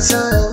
sun.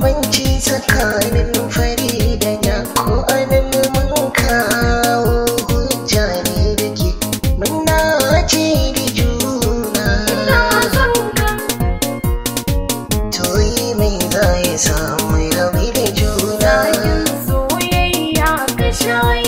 bambanci tsakanin fari da ya ko anan mun kawo hujja ne da ke mun nace da juna to yi mai za ya samu rabi da juna soyayya ka shayi